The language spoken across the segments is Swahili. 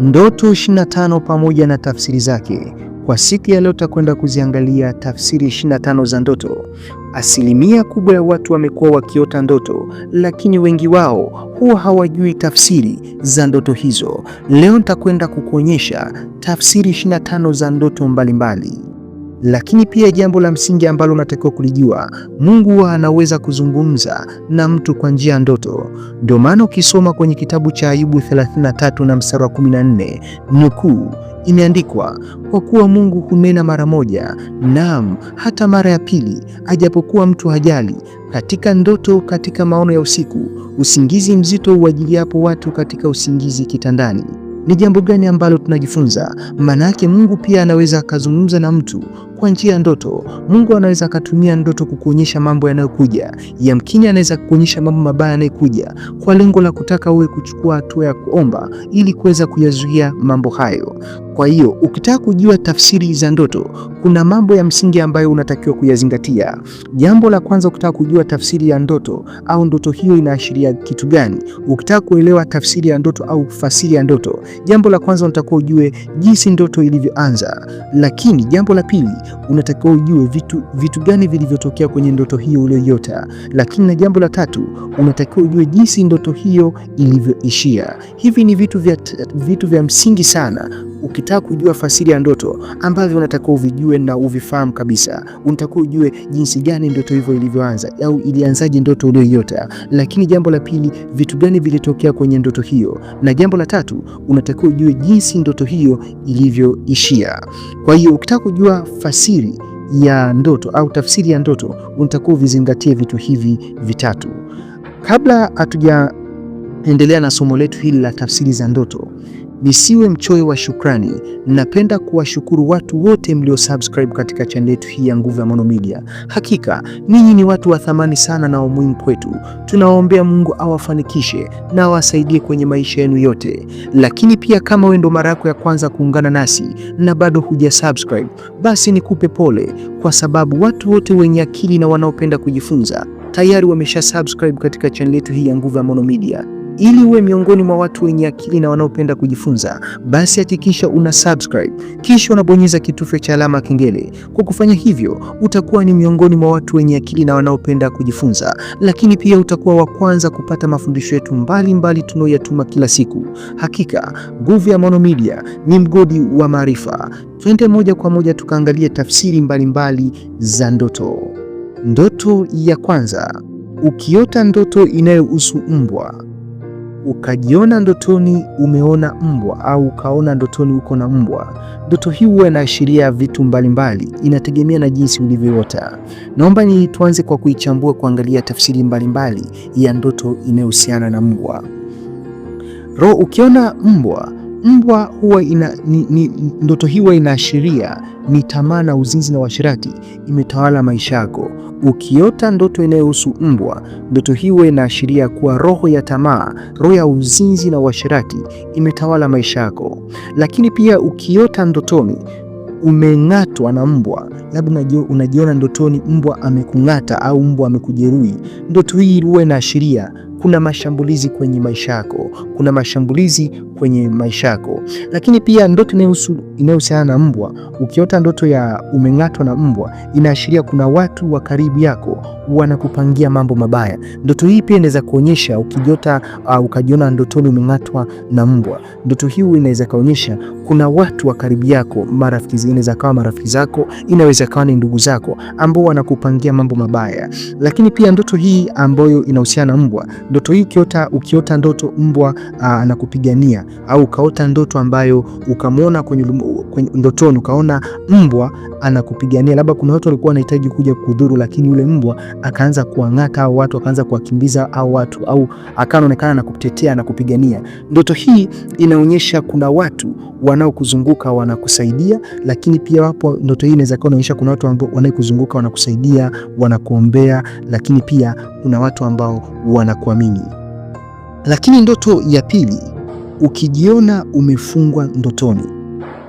Ndoto 25 pamoja na tafsiri zake. Kwa siku ya leo takwenda kuziangalia tafsiri 25 za ndoto. Asilimia kubwa ya watu wamekuwa wakiota ndoto, lakini wengi wao huwa hawajui tafsiri za ndoto hizo. Leo nitakwenda kukuonyesha tafsiri 25 za ndoto mbalimbali mbali. Lakini pia jambo la msingi ambalo unatakiwa kulijua, Mungu anaweza kuzungumza na mtu kwa njia ya ndoto. Ndio maana ukisoma kwenye kitabu cha Ayubu 33 na mstari wa 14, nukuu, imeandikwa kwa kuwa Mungu hunena mara moja, naam hata mara ya pili, ajapokuwa mtu hajali, katika ndoto, katika maono ya usiku, usingizi mzito uwajiliapo watu katika usingizi kitandani. Ni jambo gani ambalo tunajifunza? Maana yake Mungu pia anaweza akazungumza na mtu kwa njia ya ndoto. Mungu anaweza akatumia ndoto kukuonyesha mambo yanayokuja, yamkini anaweza kukuonyesha mambo mabaya yanayokuja kwa lengo la kutaka uwe kuchukua hatua ya kuomba ili kuweza kuyazuia mambo hayo. Kwa hiyo ukitaka kujua tafsiri za ndoto, kuna mambo ya msingi ambayo unatakiwa kuyazingatia. Jambo la kwanza, ukitaka kujua tafsiri ya ndoto au ndoto hiyo inaashiria kitu gani, ukitaka kuelewa tafsiri ya ndoto au fasiri ya ndoto, jambo la kwanza unatakiwa ujue jinsi ndoto ilivyoanza. Lakini jambo la pili, unatakiwa ujue vitu, vitu gani vilivyotokea kwenye ndoto hiyo uliyoiota. Lakini na jambo la tatu, unatakiwa ujue jinsi ndoto hiyo ilivyoishia. Hivi ni vitu vya, vitu vya msingi sana Ukitaka kujua fasiri ya ndoto ambavyo unatakiwa uvijue na uvifahamu kabisa, unatakiwa ujue jinsi gani ndoto hivyo ilivyoanza au ilianzaje ndoto uliyoiota. Lakini jambo la pili, vitu gani vilitokea kwenye ndoto hiyo, na jambo la tatu, unatakiwa ujue jinsi ndoto hiyo ilivyoishia. Kwa hiyo ukitaka kujua fasiri ya ndoto au tafsiri ya ndoto unatakiwa uvizingatie vitu hivi vitatu. Kabla hatujaendelea na somo letu hili la tafsiri za ndoto, Nisiwe mchoyo wa shukrani. Napenda kuwashukuru watu wote mlio subscribe katika channel yetu hii ya Nguvu ya Maono Media. Hakika ninyi ni watu wa thamani sana na umuhimu kwetu. Tunawaombea Mungu awafanikishe na awasaidie kwenye maisha yenu yote. Lakini pia kama wewe ndo mara yako ya kwanza kuungana nasi na bado huja subscribe, basi nikupe pole, kwa sababu watu wote wenye akili na wanaopenda kujifunza tayari wamesha subscribe katika channel yetu hii ya Nguvu ya Maono Media. Ili uwe miongoni mwa watu wenye akili na wanaopenda kujifunza, basi hakikisha una subscribe kisha unabonyeza kitufe cha alama kengele. Kwa kufanya hivyo, utakuwa ni miongoni mwa watu wenye akili na wanaopenda kujifunza, lakini pia utakuwa wa kwanza kupata mafundisho yetu mbalimbali tunayoyatuma kila siku. Hakika nguvu ya Maono Media ni mgodi wa maarifa. Twende moja kwa moja tukaangalie tafsiri mbalimbali mbali za ndoto. Ndoto ya kwanza, ukiota ndoto inayohusu mbwa ukajiona ndotoni umeona mbwa au ukaona ndotoni uko na mbwa, ndoto hii huwa inaashiria vitu mbalimbali mbali. Inategemea na jinsi ulivyoota. Naomba ni tuanze kwa kuichambua, kuangalia tafsiri mbalimbali mbali ya ndoto inayohusiana na mbwa. Ro, ukiona mbwa mbwa huwa ina, ni, ni, ndoto hii huwa inaashiria ni tamaa na uzinzi na uasherati imetawala maisha yako. Ukiota ndoto inayohusu mbwa, ndoto hii huwa inaashiria kuwa roho ya tamaa, roho ya uzinzi na uasherati imetawala maisha yako. Lakini pia ukiota ndotoni umeng'atwa na mbwa, labda unajiona ndotoni mbwa amekung'ata au mbwa amekujeruhi, ndoto hii huwa inaashiria kuna mashambulizi kwenye maisha yako, kuna mashambulizi kwenye maisha yako. Lakini pia ndoto inayohusiana na mbwa, ukiota ndoto ya umeng'atwa na mbwa, inaashiria kuna watu wa karibu yako wanakupangia mambo mabaya. Ndoto hii pia inaweza kuonyesha ukijota, uh, ukajiona ndotoni umeng'atwa na mbwa, ndoto hii inaweza kaonyesha kuna watu wa karibu yako, marafiki, inaweza kawa marafiki zako, inaweza kawa ni ndugu zako ambao wanakupangia mambo mabaya. Lakini pia ndoto hii ambayo inahusiana na mbwa ndoto hii ukiota, ukiota ndoto mbwa ah, anakupigania au ukaota ndoto ambayo ukamwona kwenye, kwenye ndotoni ukaona mbwa anakupigania, labda kuna watu walikuwa wanahitaji kuja kudhuru, lakini yule mbwa akaanza kuang'ata au watu akaanza kuwakimbiza au watu au akaonekana na kutetea na kupigania. Ndoto hii inaonyesha kuna watu wanaokuzunguka wanakusaidia, lakini pia wapo, ndoto hii inaweza kuwa inaonyesha kuna watu ambao wanaokuzunguka wanakusaidia, wanakuombea, lakini pia kuna watu ambao wanakuamini. Lakini ndoto ya pili, ukijiona umefungwa ndotoni,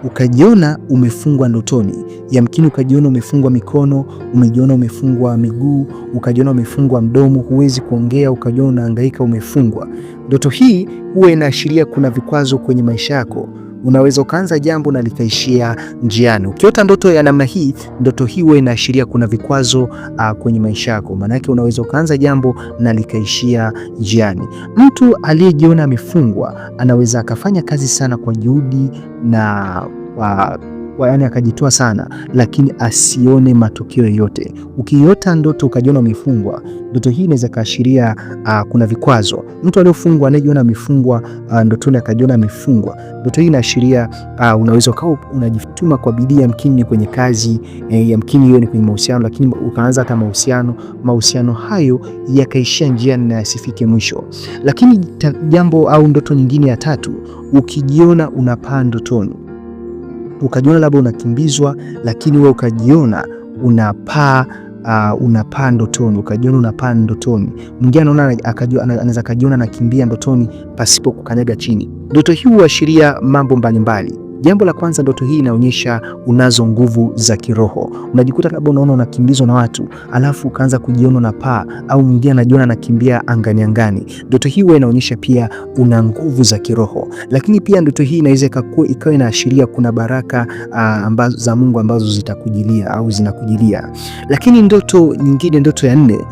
ukajiona umefungwa ndotoni, yamkini ukajiona umefungwa mikono, umejiona umefungwa miguu, ukajiona umefungwa mdomo, huwezi kuongea, ukajiona unahangaika, umefungwa. Ndoto hii huwa inaashiria kuna vikwazo kwenye maisha yako. Unaweza ukaanza jambo na litaishia njiani. Ukiota ndoto ya namna hii, ndoto hii huwa inaashiria kuna vikwazo uh, kwenye maisha yako. Maana yake unaweza ukaanza jambo na likaishia njiani. Mtu aliyejiona amefungwa anaweza akafanya kazi sana kwa juhudi na uh, yani akajitoa sana, lakini asione matokeo yoyote. Ukiota ndoto ukajiona umefungwa, ndoto hii inaweza kaashiria uh, ah, kuna vikwazo. Mtu aliyofungwa anayejiona amefungwa uh, ndotoni akajiona amefungwa, ndoto hii inaashiria uh, unaweza ukawa unajituma kwa bidii, yamkini ni kwenye kazi eh, yamkini hiyo ni kwenye mahusiano, lakini ukaanza hata mahusiano mahusiano hayo yakaishia njia na yasifike mwisho. Lakini jambo au ndoto nyingine ya tatu, ukijiona unapaa ndotoni ukajiona labda unakimbizwa, lakini wewe ukajiona unapaa Uh, ah, unapaa ndotoni ukajiona unapaa ndotoni. Mwingine anaona anaweza akajiona anakimbia ndotoni pasipo kukanyaga chini. Ndoto hii huashiria mambo mbalimbali. Jambo la kwanza, ndoto hii inaonyesha unazo nguvu za kiroho. Unajikuta labda unaona unakimbizwa na watu, alafu ukaanza kujiona na paa, au mwingine anajiona anakimbia angani angani. Ndoto hii huwa inaonyesha pia una nguvu za kiroho, lakini pia ndoto hii inaweza ikawa inaashiria kuna baraka uh, ambazo, za Mungu ambazo zitakujilia au zinakujilia. Lakini ndoto nyingine, ndoto ya nne,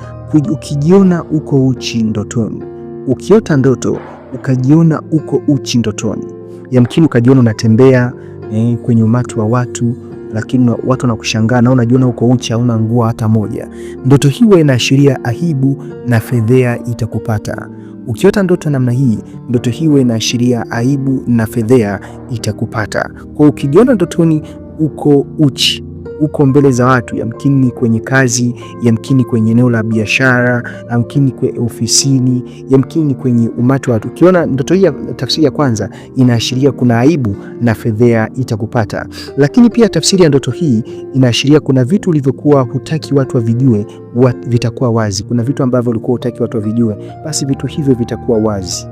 ukijiona uko uchi ndotoni, ukiota ndoto ukajiona uko uchi ndotoni yamkini ukajiona unatembea eh, kwenye umati wa watu lakini watu wanakushangaa na unajiona uko uchi, hauna nguo hata moja. Ndoto hiyo inaashiria aibu na fedhea itakupata. Ukiota ndoto namna hii, ndoto hiyo inaashiria aibu na fedhea itakupata. Kwa ukijiona ndotoni uko uchi uko mbele za watu, yamkini kwenye kazi, yamkini kwenye eneo la biashara, yamkini kwe ofisini, yamkini kwenye umati wa watu. Ukiona ndoto hii, tafsiri ya kwanza inaashiria kuna aibu na fedhea itakupata, lakini pia tafsiri ya ndoto hii inaashiria kuna vitu ulivyokuwa hutaki watu wavijue wa, vitakuwa wazi. Kuna vitu ambavyo ulikuwa hutaki watu wavijue, basi vitu hivyo vitakuwa wazi.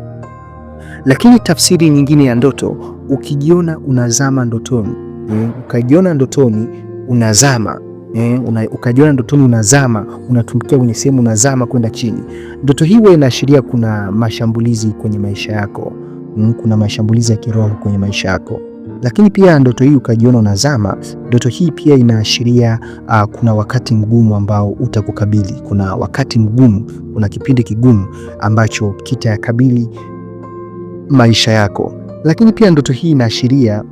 Lakini tafsiri nyingine ya ndoto, ukijiona unazama ndotoni, ukajiona ndotoni unazama eh, una, ukajiona ndotoni unazama, unatumkia kwenye sehemu unazama kwenda chini. Ndoto hii huwa inaashiria kuna mashambulizi kwenye maisha yako mm, kuna mashambulizi ya kiroho kwenye maisha yako lakini pia ndoto hii ukajiona unazama, ndoto hii pia inaashiria uh, kuna wakati mgumu ambao utakukabili. Kuna wakati mgumu, kuna kipindi kigumu ambacho kitayakabili maisha yako. Lakini pia ndoto hii inaashiria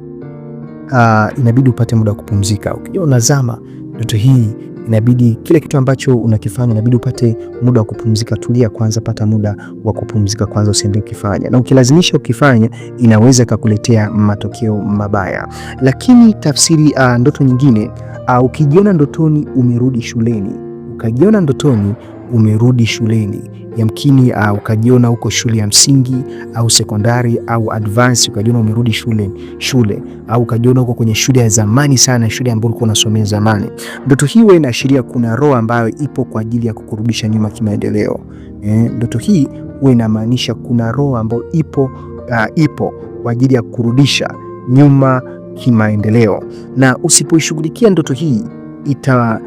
uh, inabidi upate muda wa kupumzika. Ukijua unazama ndoto hii, inabidi kile kitu ambacho unakifanya, inabidi upate muda wa kupumzika. Tulia kwanza, pata muda wa kupumzika kwanza, usiende ukifanya, na ukilazimisha ukifanya, inaweza ikakuletea matokeo mabaya. Lakini tafsiri uh, ndoto nyingine uh, ukijiona ndotoni umerudi shuleni, ukajiona ndotoni umerudi shuleni, yamkini uh, ukajiona huko shule ya msingi au sekondari au advance, ukajiona umerudi shule shule, au ukajiona uko kwenye shule ya zamani sana, shule ambayo ulikuwa unasomea zamani. Ndoto hii wewe inaashiria kuna roho ambayo ipo kwa ajili ya kukurudisha nyuma kimaendeleo. Eh, ndoto hii wewe inamaanisha kuna roho ambayo ipo uh, ipo kwa ajili ya kurudisha nyuma kimaendeleo, na usipoishughulikia ndoto hii ita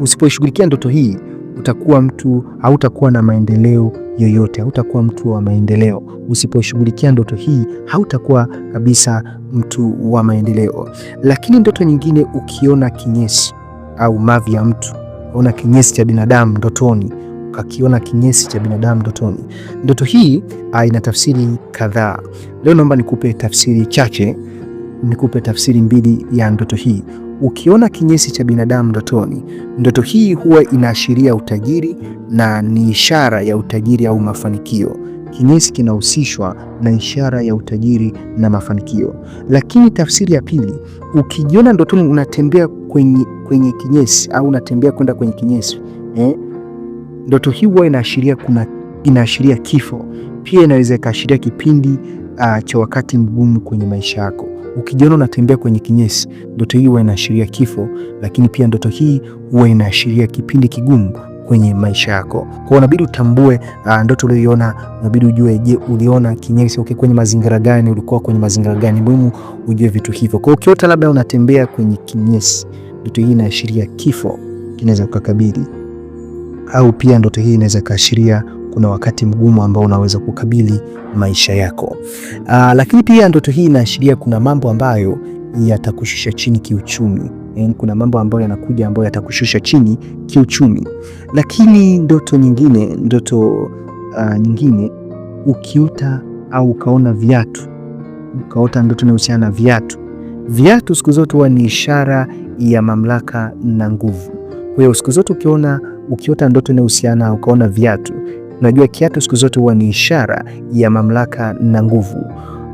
Usipoishughulikia ndoto hii utakuwa mtu, hautakuwa na maendeleo yoyote, hautakuwa mtu wa maendeleo. Usipoishughulikia ndoto hii hautakuwa kabisa mtu wa maendeleo. Lakini ndoto nyingine, ukiona kinyesi au mavi ya mtu, ona kinyesi cha binadamu ndotoni, ukakiona kinyesi cha binadamu ndotoni, ndoto hii ah, ina tafsiri kadhaa. Leo naomba nikupe tafsiri chache, nikupe tafsiri mbili ya ndoto hii. Ukiona kinyesi cha binadamu ndotoni, ndoto hii huwa inaashiria utajiri na ni ishara ya utajiri au mafanikio. Kinyesi kinahusishwa na ishara ya utajiri na mafanikio. Lakini tafsiri ya pili, ukijiona ndotoni unatembea kwenye, kwenye kinyesi au unatembea kwenda kwenye kinyesi eh? Ndoto hii huwa inaashiria kuna inaashiria kifo. Pia inaweza ikaashiria kipindi uh, cha wakati mgumu kwenye maisha yako. Ukijiona unatembea kwenye kinyesi, ndoto hii huwa inaashiria kifo, lakini pia ndoto hii huwa inaashiria kipindi kigumu kwenye maisha yako. Kwa unabidi utambue uh, ndoto uliyoiona, unabidi ujue, je, uliona kinyesi okay, kwenye mazingira gani? Ulikuwa kwenye mazingira gani? Muhimu ujue vitu hivyo. Kwa ukiota labda unatembea kwenye kinyesi, ndoto hii inaashiria kifo kinaweza kukakabili, au pia ndoto hii inaweza kaashiria kuna wakati mgumu ambao unaweza kukabili maisha yako. Aa, ah, lakini pia ndoto hii inaashiria kuna mambo ambayo yatakushusha chini kiuchumi. Yani, eh, kuna mambo ambayo yanakuja ambayo yatakushusha chini kiuchumi. Lakini ndoto nyingine, ndoto uh, nyingine ukiota au ukaona viatu, ukaota ndoto inahusiana na viatu. Viatu siku zote huwa ni ishara ya mamlaka na nguvu. Kwa hiyo siku zote ukiona ukiota ndoto inahusiana ukaona viatu, Unajua kiatu siku zote huwa ni ishara ya mamlaka na nguvu.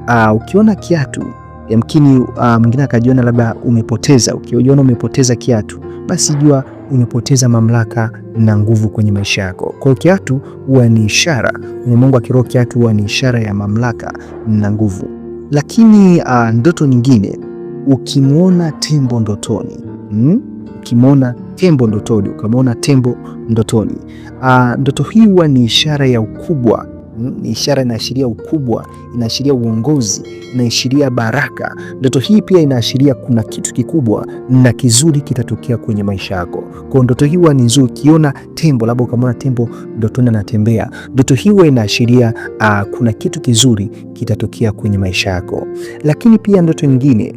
Uh, ukiona kiatu yamkini uh, mwingine akajiona labda umepoteza. Ukiona umepoteza kiatu, basi jua umepoteza mamlaka na nguvu kwenye maisha yako. Kwa hiyo kiatu huwa ni ishara, ulimwengu wa kiroho, kiatu huwa ni ishara ya mamlaka na nguvu. Lakini uh, ndoto nyingine, ukimwona tembo ndotoni, hmm, ukimwona tembo ndotoni, ukamwona tembo ndotoni. Aa, ah, ndoto hii huwa ni ishara ya ukubwa hmm? ni ishara inaashiria ukubwa, inaashiria uongozi, inaashiria baraka. Ndoto hii pia inaashiria kuna kitu kikubwa na kizuri kitatokea kwenye maisha yako. Kwa ndoto hii huwa ni nzuri. Ukiona tembo, labda ukamwona tembo ndotoni anatembea, ndoto hii huwa inaashiria uh, kuna kitu kizuri kitatokea kwenye maisha yako. Lakini pia ndoto nyingine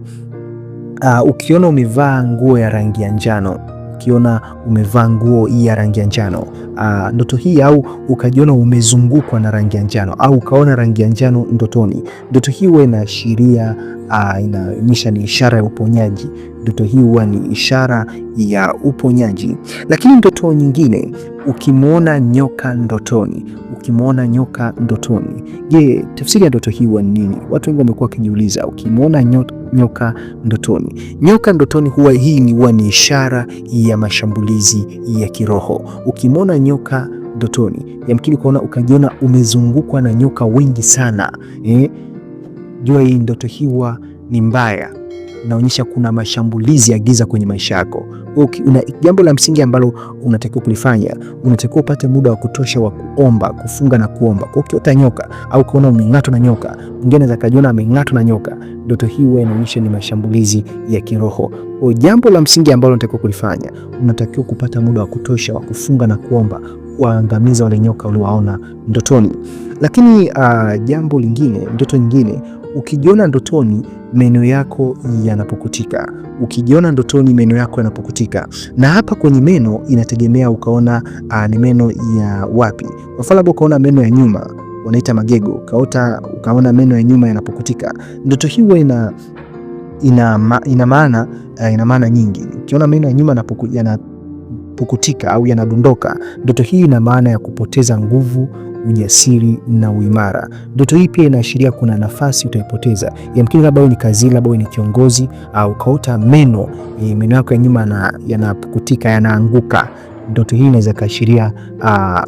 uh, ukiona umevaa nguo ya rangi ya njano ukiona umevaa nguo hii ya rangi ya njano uh, ndoto hii au ukajiona umezungukwa na rangi ya njano au ukaona rangi ya njano ndotoni, ndoto hii huwa inaashiria uh, inaonyesha ni ishara ya uponyaji. Ndoto hii huwa ni ishara ya uponyaji. Lakini ndoto nyingine, ukimwona nyoka ndotoni ukimwona nyoka ndotoni. Je, tafsiri ya ndoto hii huwa ni nini? Watu wengi wamekuwa wakijiuliza, ukimwona nyoka ndotoni. Nyoka ndotoni huwa hii ni huwa ni ishara ya mashambulizi ya kiroho. Ukimwona nyoka ndotoni, yamkini kuona ukajiona umezungukwa na nyoka wengi sana eh, jua hii ndoto hii huwa ni mbaya inaonyesha kuna mashambulizi ya giza kwenye maisha yako. Okay, una jambo la msingi ambalo unatakiwa kulifanya, unatakiwa upate muda wa kutosha wa kuomba, kufunga na kuomba. Kwa ukiota nyoka au ukiona umeng'atwa na nyoka, mwingine atakajiona ameng'atwa na nyoka, ndoto hii huwa inaonyesha ni mashambulizi ya kiroho. Kwa jambo la msingi ambalo unatakiwa kulifanya, unatakiwa kupata muda wa kutosha wa kufunga na kuomba kuangamiza wale nyoka uliwaona ndotoni. Lakini uh, jambo lingine, ndoto nyingine Ukijiona ndotoni meno yako yanapukutika, ukijiona ndotoni meno yako yanapukutika. Na hapa kwenye meno inategemea ukaona ah, ni meno ya wapi. Kwa mfano, labda ukaona meno ya nyuma wanaita magego, ukaota ukaona meno ya nyuma yanapukutika, ndoto hiyo ina ina ina maana eh, ina maana nyingi. Ukiona meno ya nyuma yanapukutika au yanadondoka, ndoto hii ina maana ya kupoteza nguvu ujasiri na uimara. Ndoto hii pia inaashiria kuna nafasi utaipoteza, yamkini labda ni kazi, labda ni kiongozi au kaota meno, e, meno yako ya nyuma yanapukutika, yanaanguka. Ndoto hii inaweza kaashiria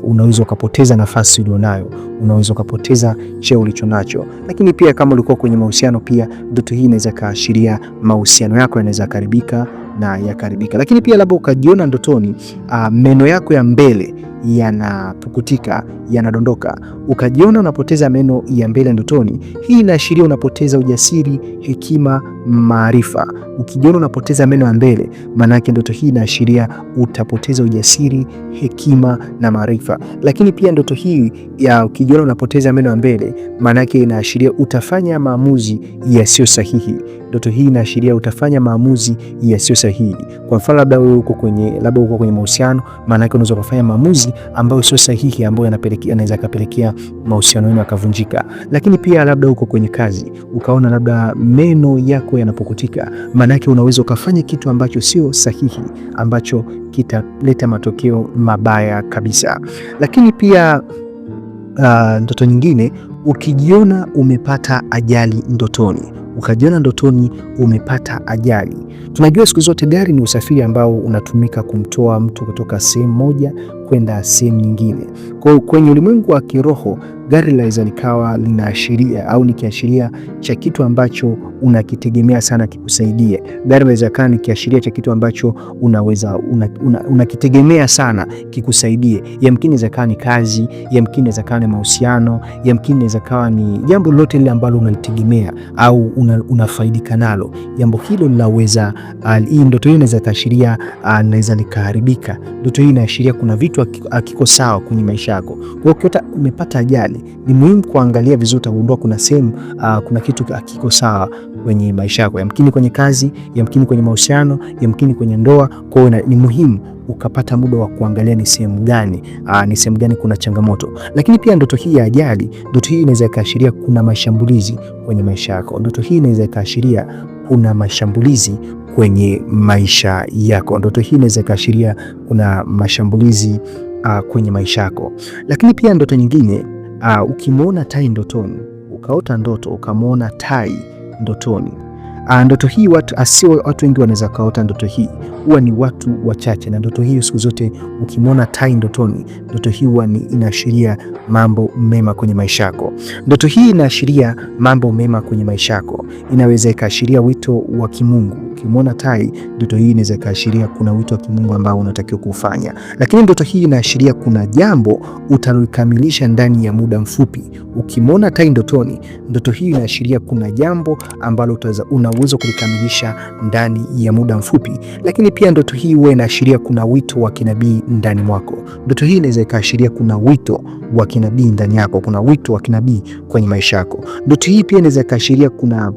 unaweza ukapoteza nafasi ulionayo unaweza ukapoteza cheo ulicho nacho. Lakini pia kama ulikuwa kwenye mahusiano, pia ndoto hii inaweza kaashiria mahusiano yako yanaweza karibika na yakaribika. Lakini pia labda ukajiona ndotoni, uh, meno yako ya mbele yanapukutika yanadondoka, ukajiona unapoteza meno ya mbele ndotoni. Hii inaashiria unapoteza ujasiri, hekima, maarifa. Ukijiona unapoteza meno ya mbele, maana yake ndoto hii inaashiria utapoteza ujasiri, hekima na maarifa. Lakini pia ndoto hii ya ukijiona ukijiona unapoteza meno ya mbele, maana yake inaashiria utafanya maamuzi yasiyo sahihi. Ndoto hii inaashiria utafanya maamuzi yasiyo sahihi. Kwa mfano, labda wewe uko kwenye labda uko kwenye mahusiano, maana yake unaweza kufanya maamuzi ambayo sio sahihi, ambayo yanapelekea anaweza kapelekea mahusiano yenu yakavunjika. Lakini pia labda uko kwenye kazi, ukaona labda meno yako yanapokutika, maana yake unaweza ukafanya kitu ambacho sio sahihi, ambacho kitaleta matokeo mabaya kabisa. Lakini pia uh, ndoto nyingine, ukijiona umepata ajali ndotoni ukajiona ndotoni umepata ajali. Tunajua siku zote gari ni usafiri ambao unatumika kumtoa mtu kutoka sehemu moja kwenda sehemu nyingine. Kwa hiyo kwenye ulimwengu wa kiroho gari laweza likawa linaashiria au ni kiashiria cha kitu ambacho unakitegemea sana kikusaidie. Gari laweza kaa ni kiashiria cha kitu ambacho unaweza unakitegemea una, una sana kikusaidie. Yamkini inaweza kaa ni kazi, yamkini inaweza kaa ni mahusiano, yamkini inaweza kaa ni jambo lolote lile ambalo unalitegemea au una, unafaidika nalo. Jambo hilo linaweza ah, hii uh, ndoto hii inaweza kaashiria, uh, ah, naweza likaharibika. Ndoto hii inaashiria kuna vitu kitu akiko sawa kwenye maisha yako. Kwa hiyo ukiota umepata ajali, ni muhimu kuangalia vizuri, utagundua kuna sehemu uh, kuna kitu akiko sawa kwenye maisha yako, yamkini kwenye kazi, yamkini kwenye mahusiano, yamkini kwenye ndoa. Kwa hiyo ni muhimu ukapata muda wa kuangalia ni sehemu gani, ah, ni sehemu gani kuna changamoto. Lakini pia ndoto hii ya ajali, ndoto hii inaweza ikaashiria kuna mashambulizi kwenye maisha yako. Ndoto hii inaweza ikaashiria kuna mashambulizi kwenye maisha yako. Ndoto hii inaweza ikaashiria kuna mashambulizi uh, kwenye maisha yako, lakini pia ndoto nyingine uh, ukimwona tai ndotoni, ukaota ndoto ukamwona tai ndotoni. Uh, ndoto hii watu asio uh, watu wengi wanaweza kaota ndoto hii, huwa ni watu wachache, na ndoto hiyo siku zote ukimwona tai ndotoni, ndoto hii huwa inaashiria mambo mema kwenye maisha yako. Ndoto hii inaashiria mambo mema kwenye maisha yako, inaweza ikaashiria wito wa kimungu. Ukimwona tai, ndoto hii inaweza ikaashiria kuna wito wa kimungu ambao unatakiwa kufanya, lakini ndoto hii inaashiria kuna jambo utalokamilisha ndani ya muda mfupi. Ukimwona tai ndotoni, ndoto hii inaashiria kuna jambo ambalo una uwezo kulikamilisha ndani ya muda mfupi, lakini lakini pia ndoto hii huwa inaashiria kuna wito wa kinabii ndani mwako. Ndoto hii inaweza ikaashiria kuna wito wa kinabii ndani yako, kuna wito wa kinabii kwenye maisha yako. Ndoto hii pia inaweza ikaashiria kuna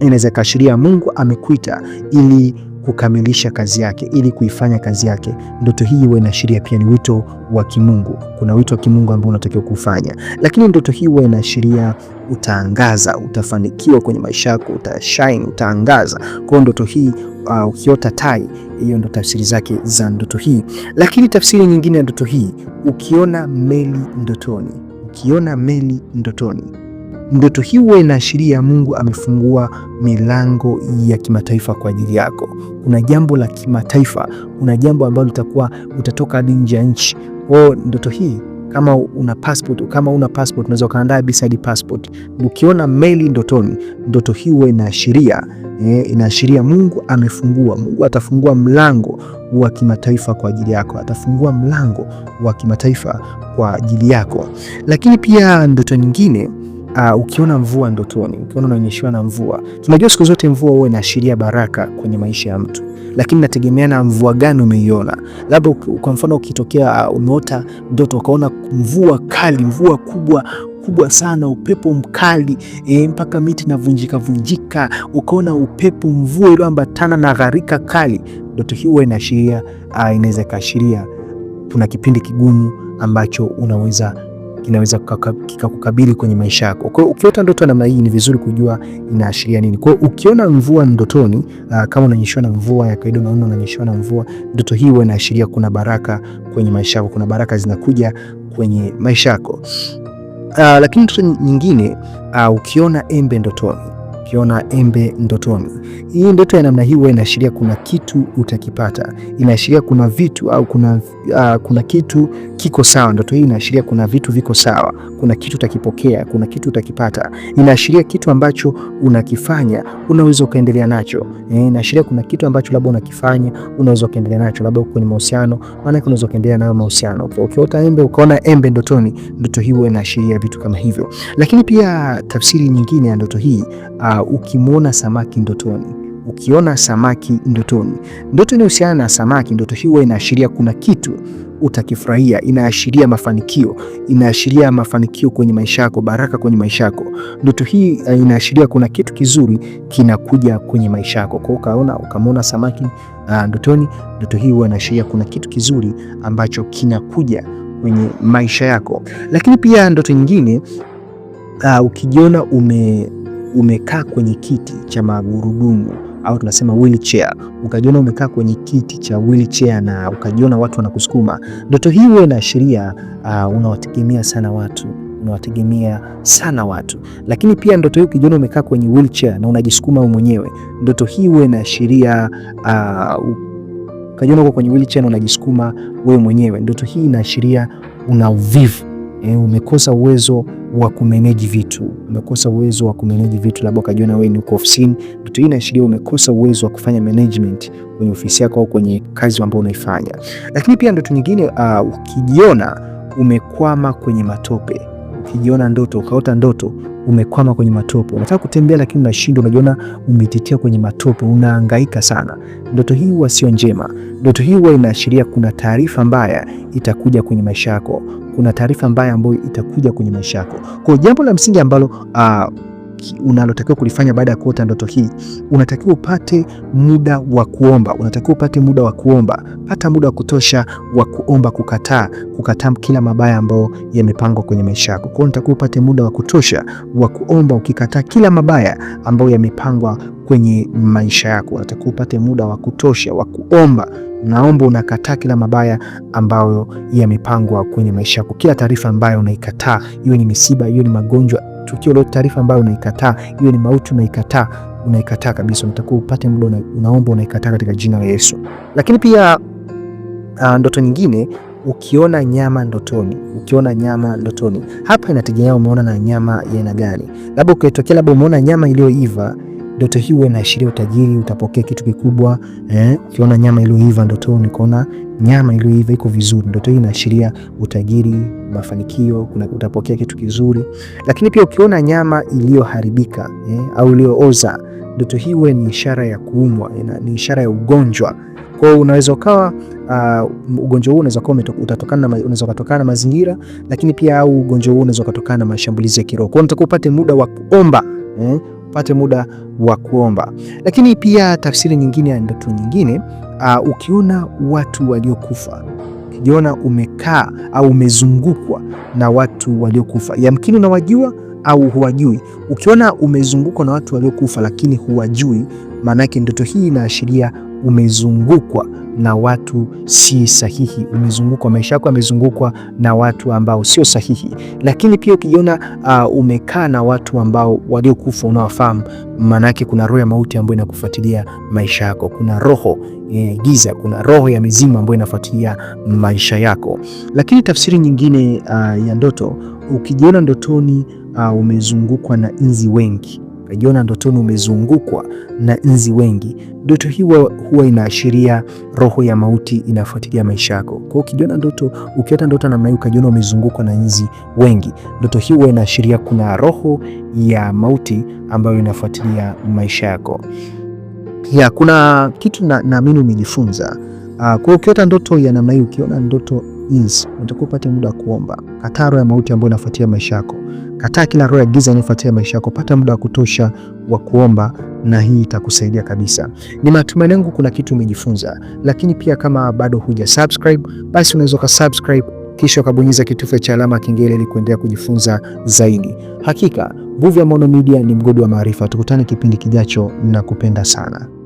inaweza ikaashiria Mungu amekuita ili kukamilisha kazi yake, ili kuifanya kazi yake. Ndoto hii huwa inaashiria pia ni wito wa kimungu. Kuna wito wa kimungu ambao unatakiwa kufanya, lakini ndoto hii huwa inaashiria utaangaza, utafanikiwa kwenye maisha yako, utashine, utaangaza. Kwa ndoto hii uh, ukiota tai, hiyo ndo tafsiri zake za ndoto hii. Lakini tafsiri nyingine ya ndoto hii, ukiona meli ndotoni, ukiona meli ndotoni Ndoto hii huwa inaashiria Mungu amefungua milango ya kimataifa kwa ajili yako. Kuna jambo la kimataifa, kuna jambo ambalo litakuwa utatoka hadi nje ya nchi. O, ndoto hii kama una passport, kama una passport unaweza ukaandaa bisa passport. Ukiona meli ndotoni, ndoto hii huwa inaashiria e, inaashiria Mungu amefungua, Mungu atafungua mlango wa kimataifa kwa ajili yako, atafungua mlango wa kimataifa kwa ajili yako. Lakini pia ndoto nyingine uh, ukiona mvua ndotoni, ukiona unaonyeshiwa na mvua. Tunajua siku zote mvua huwa inaashiria baraka kwenye maisha ya mtu, lakini nategemea na mvua gani umeiona. Labda kwa mfano ukitokea, uh, umeota ndoto ukaona mvua kali, mvua kubwa kubwa sana, upepo mkali e, mpaka miti navunjika vunjika, ukaona upepo, mvua iliyoambatana na gharika kali, ndoto hii huwa inaashiria uh, inaweza ikaashiria kuna kipindi kigumu ambacho unaweza kinaweza kikakukabili kwenye maisha yako. Kwa hiyo ukiota ndoto namna hii, ni vizuri kujua inaashiria nini. Kwa hiyo ukiona mvua ndotoni, uh, kama unanyeshwa na mvua ya kawaida, unaona unanyeshwa na mvua, ndoto hii huwa inaashiria kuna baraka kwenye maisha yako, kuna baraka zinakuja kwenye maisha yako. Uh, lakini ndoto nyingine, uh, ukiona embe ndotoni ukiona embe ndotoni. Hii ndoto ya namna hii huwa inaashiria kuna kitu utakipata, inaashiria kuna vitu au kuna, uh, kuna kitu kiko sawa. Ndoto hii inaashiria kuna vitu viko sawa, kuna kitu utakipokea, kuna kitu utakipata. Inaashiria kitu ambacho unakifanya unaweza ukaendelea nacho. Eh, inaashiria kuna kitu ambacho labda unakifanya unaweza ukaendelea nacho, labda kwenye mahusiano, maana yake unaweza ukaendelea nayo mahusiano. Ukiota embe ukaona embe ndotoni, ndoto hiyo inaashiria vitu kama hivyo. Lakini pia tafsiri nyingine ya ndoto hii uh, ukimwona samaki ndotoni ukiona samaki ndotoni, ndoto inayohusiana na samaki, ndoto hiyo inaashiria kuna kitu utakifurahia, inaashiria mafanikio, inaashiria mafanikio kwenye maisha yako, baraka kwenye maisha yako. Ndoto hii eh, inaashiria kuna kitu kizuri kinakuja kwenye maisha yako. Kwa ukaona ukamwona samaki uh, ndotoni. Ndoto hii huwa inaashiria kuna kitu kizuri ambacho kinakuja kwenye maisha yako. Lakini pia ndoto nyingine uh, ukijiona ume umekaa kwenye kiti cha magurudumu au tunasema wheelchair, ukajiona umekaa kwenye kiti cha wheelchair na ukajiona watu wanakusukuma, ndoto hii huwa inaashiria uh, unawategemea sana watu unawategemea sana watu. Lakini pia ndoto hii ukijiona umekaa kwenye wheelchair na unajisukuma wewe mwenyewe, ndoto hii huwa inaashiria uh, uko kwenye wheelchair na unajisukuma wewe mwenyewe, ndoto hii inaashiria una uvivu e, umekosa uwezo wa kumeneji vitu, umekosa uwezo wa kumeneji vitu, labda ukajiona wewe ni uko ofisini. Ndoto hii inaashiria umekosa uwezo wa kufanya management kwenye ofisi yako au kwenye kazi ambayo unaifanya. Lakini pia ndoto nyingine, uh, ukijiona umekwama kwenye matope, ukijiona ndoto ukaota ndoto umekwama kwenye matope, unataka kutembea lakini unashindwa, unajiona umetetea kwenye matope, unahangaika sana. Ndoto hii huwa sio njema. Ndoto hii huwa inaashiria kuna taarifa mbaya itakuja kwenye maisha yako kuna taarifa mbaya ambayo itakuja kwenye maisha yako. Kwa jambo la msingi ambalo uh, unalotakiwa kulifanya baada ya kuota ndoto hii, unatakiwa upate muda wa kuomba, unatakiwa upate muda wa kuomba. Pata muda wa kutosha wa kuomba, kukataa, kukataa kila mabaya ambayo yamepangwa kwenye maisha yako. Kwa hiyo unatakiwa upate muda wa kutosha wa kuomba, ukikataa kila mabaya ambayo yamepangwa kwenye maisha yako. Unatakiwa upate muda wa kutosha wa kuomba naomba unakataa kila mabaya ambayo yamepangwa kwenye maisha yako, kila taarifa ambayo unaikataa, iwe ni misiba, iwe ni magonjwa tukio lolote, taarifa ambayo unaikataa, iwe ni mauti, unaikataa, unaikataa kabisa. Unatakiwa upate muda unaomba, unaikataa katika jina la Yesu. Lakini pia uh, ndoto nyingine Ukiona nyama ndotoni, ukiona nyama ndotoni, hapa inategemea umeona na nyama ya aina gani. Labda ukitokea, labda umeona nyama iliyoiva Ndoto hii huwa inaashiria utajiri, utapokea kitu kikubwa. Eh, ukiona nyama iliyoiva ndotoni, ukaona nyama iliyoiva iko vizuri, ndoto hii inaashiria utajiri, mafanikio, kuna utapokea kitu kizuri. Lakini pia ukiona nyama iliyoharibika eh, au iliyooza, ndoto hii huwa ni ishara ya kuumwa, ni ishara ya ugonjwa. Kwa hiyo unaweza ukawa uh, ugonjwa huu unaweza kuwa utatokana unaweza kutokana na mazingira, lakini pia au ugonjwa huu unaweza kutokana na mashambulizi ya kiroho. Kwa hiyo unatakiwa upate muda wa kuomba eh, upate muda wa kuomba. Lakini pia tafsiri nyingine ya ndoto nyingine, uh, ukiona watu waliokufa ukijiona umekaa au umezungukwa na watu waliokufa, yamkini unawajua au huwajui. Ukiona umezungukwa na watu waliokufa lakini huwajui, maanake ndoto hii inaashiria umezungukwa na watu si sahihi, umezungukwa, maisha yako yamezungukwa na watu ambao sio sahihi. Lakini pia ukijiona uh, umekaa na watu ambao waliokufa unawafahamu, maanake kuna roho ya mauti ambayo inakufuatilia maisha yako, kuna roho eh, giza, kuna roho ya mizimu ambayo inafuatilia maisha yako. Lakini tafsiri nyingine uh, ya ndoto, ukijiona ndotoni uh, umezungukwa na nzi wengi Unajiona ndotoni umezungukwa na nzi wengi, ndoto hii huwa inaashiria roho ya mauti inafuatilia maisha yako. Kwa hiyo ukijiona ndoto, ukiota ndoto namna hii ukajiona umezungukwa na nzi wengi, ndoto hii huwa inaashiria kuna roho ya mauti ambayo inafuatilia maisha yako. Ya, kuna kitu naamini na umejifunza Ah, kwa hiyo ukiota ndoto ya namna hii, ukiona ndoto hizi, unatakiwa upate muda wa kuomba. Kataa roho ya mauti ambayo inafuatia maisha yako. Kataa kila roho ya giza inayofuatia maisha yako. Pata muda wa kutosha wa kuomba na hii itakusaidia kabisa. Ni matumaini yangu kuna kitu umejifunza, lakini pia kama bado huja subscribe, basi unaweza ka subscribe kisha ukabonyeza kitufe cha alama kengele ili kuendelea kujifunza zaidi. Hakika Nguvu ya Maono Media ni mgodi wa maarifa. Tukutane kipindi kijacho, nakupenda sana.